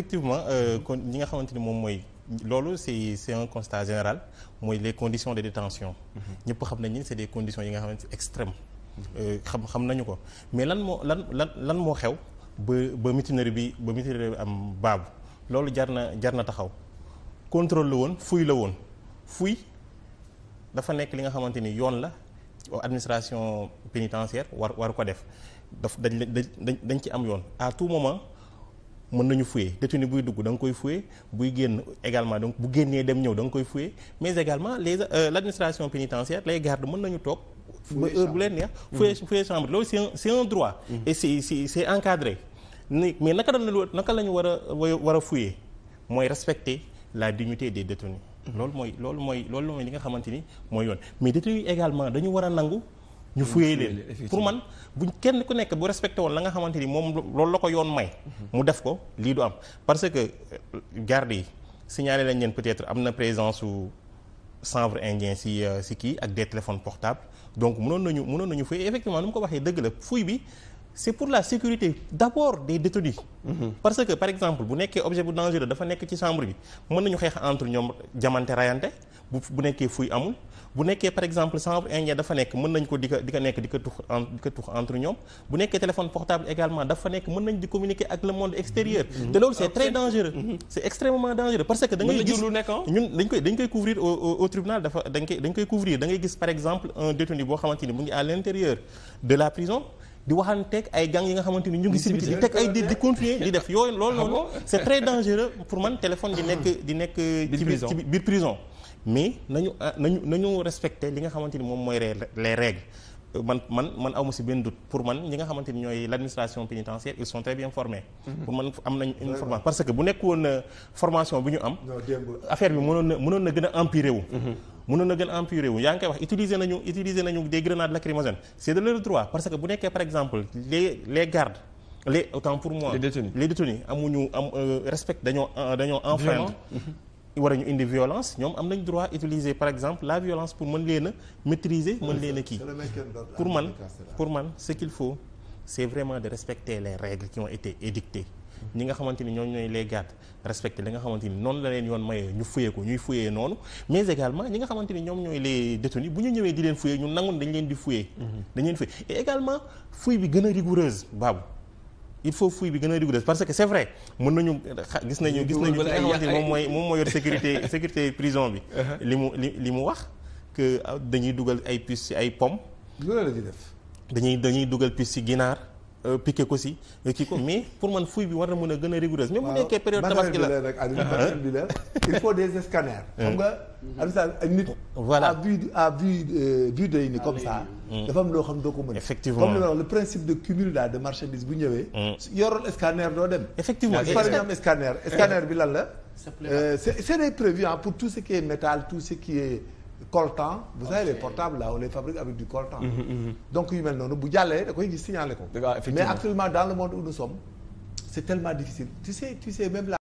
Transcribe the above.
effectivement euh, kon ñi nga xamante ni moom mooy loolu c'est c'est un constat général mooy les conditions de détention mhm. ñëpp xam nañ ni c'est des conditions yi nga xamante ni mhm. euh, nañu ko mais lan moo lan lan lan moo xew ba ba mutinerie bi ba mutinerie bi am baabu loolu jar na jar na taxaw contrôle la woon fuy la woon fuy dafa nekk li nga xamante ni yoon la administration pénitentiaire war war ko def daf dañ dañ dañ ci am yoon mën nañu fouiller détenu buy dugg da nga koy fouiller buy génn également donc bu génnee dem ñëw da nga koy fouiller mais également les euh, l' administration pénitentiaire les gardes mën nañu toog ba heure bu leen neex fouiller fouiller chambre loolu c'est un c'est un droit mm-hmm. et c'est naka la naka ñu war a war a fouiller mooy respecter la dignité des détenus mm-hmm. loolu mooy loolu mooy loolu mooy li nga xamante ni mooy yoon mais détenus également dañu war a nangu ñu fuyee leen pour man buñ kenn ku nekk bu respecté woon la nga xamante ni moom loolu la ko yoon may mhm. mu def ko lii du am parce que euh, garde yi signalé lañ leen peut-être am na présence su chanvre indien si euh, si kii ak des téléphones portables donc munoon nañu mënoon nañu fuye effectivement nu mu ko waxee dëgg la fuy bi c'est pour la sécurité d'abord des détenus mhm. parce que par exemple bu nekkee objet bu dangereux dafa nekk ci chambre bi mën nañu xeex entre ñoom jamante rayante bu bu nekkee fuy amul bu nekkee par exemple chanvre indien dafa nekk mën nañ ko di ko nekk di ko tux di ko tux entre ñoom bu nekkee téléphone portable également dafa nekk mën nañ di communiquer ak le monde extérieur mm-hmm. Mm-hmm. te loolu c'est très dangereux mm-hmm. c'est extrêmement dangereux parce que da ngay gis ah? ñun dañ koy dañ koy couvrir au tribunal dafa dañ koy couvrir da gis par exemple un détenu boo xamante ni mu ngi à l'intérieur de la prison di waxanteeg ay gang yi nga xamante ni ñu ngi si biti di teg ay di di continuer di def yooyu loolu ah noonu c'est très dangereux pour man téléphone di nekk di nekk ci biir ci biir prison mais nañu ah, nañu nañu respecter li nga xamante ni moom mooy les règles euh, man man man aw ma si benn doute pour man ñi nga xamante ni ñooy l' administration pénitentiaire ils sont très bien formés. Mm-hmm. pour man am na une formation parce que bu nekk woon euh, formation bi ñu am. affaire bi mënoon na mënoon na gën a empirer wu. Mm-hmm. mënoon a gën empirer wu yaa ngi koy wax utiliser nañu utiliser nañu des grenades lacrymogènes c'est de leur droit parce que bu nekkee par exemple les gardes les autant pour moi les détenus amuñu am euh, respect dañoo euh, dañoo enfreindre mm-hmm. a ñu indi violence ñoom am nañ droit utiliser par exemple la violence pour mën leen a maîtriser mën leen a kii pour man pour man ce qu'il faut c'est vraiment de respecter les règles qui été édictées ñi nga xamante ni ñooñu ñooy les gardes respecté li nga xamante ni noonu la leen yoon mayee ñu fuyee ko ñuy fuyee noonu mais également ñi nga xamante ni ñoom ñooy les détenus bu ñu ñëwee di leen fuyee ñu nangoon dañ leen di fuyee mhm. dañ leen fuyee et également fuy bi gën a rigoureuse baabu il faut fuuy bi gën a rigoureuse parce que c'est vrai mën nañu gis nañu gis nañu moom mooy moom moo yor sécurité sécurité prison bi uh-huh. li mu li li mu wax que dañuy dugal ay puces ci ay pomme loolu def dañuy dañuy dugal puces ci ginaar Euh, piqué ko si euh, kii mais pour man fouille bi war na mën a gën a rigoureuse même bu nekkee période tabaski la rek il faut des scanners xam nga mhm. amsal ak nit voilà à vue euh, ni comme ah, ça dafa am loo xam doo ko mën effectivement comme li ma wax le principe de cumul de marchandise bu ñëwee yorul scanner doo dem effectivement far ñu am scanner scanner bi lan la c'est c'est prévu pour tout ce qui est métal tout ce qui est coltan vous savez les portables là on fabrique avec du mhm, mhm. donc yu mel noonu bu jàllee da koy gis signalé ko mais actuellement dans le monde où nous c'est tellement difficile tu sais tu sais même là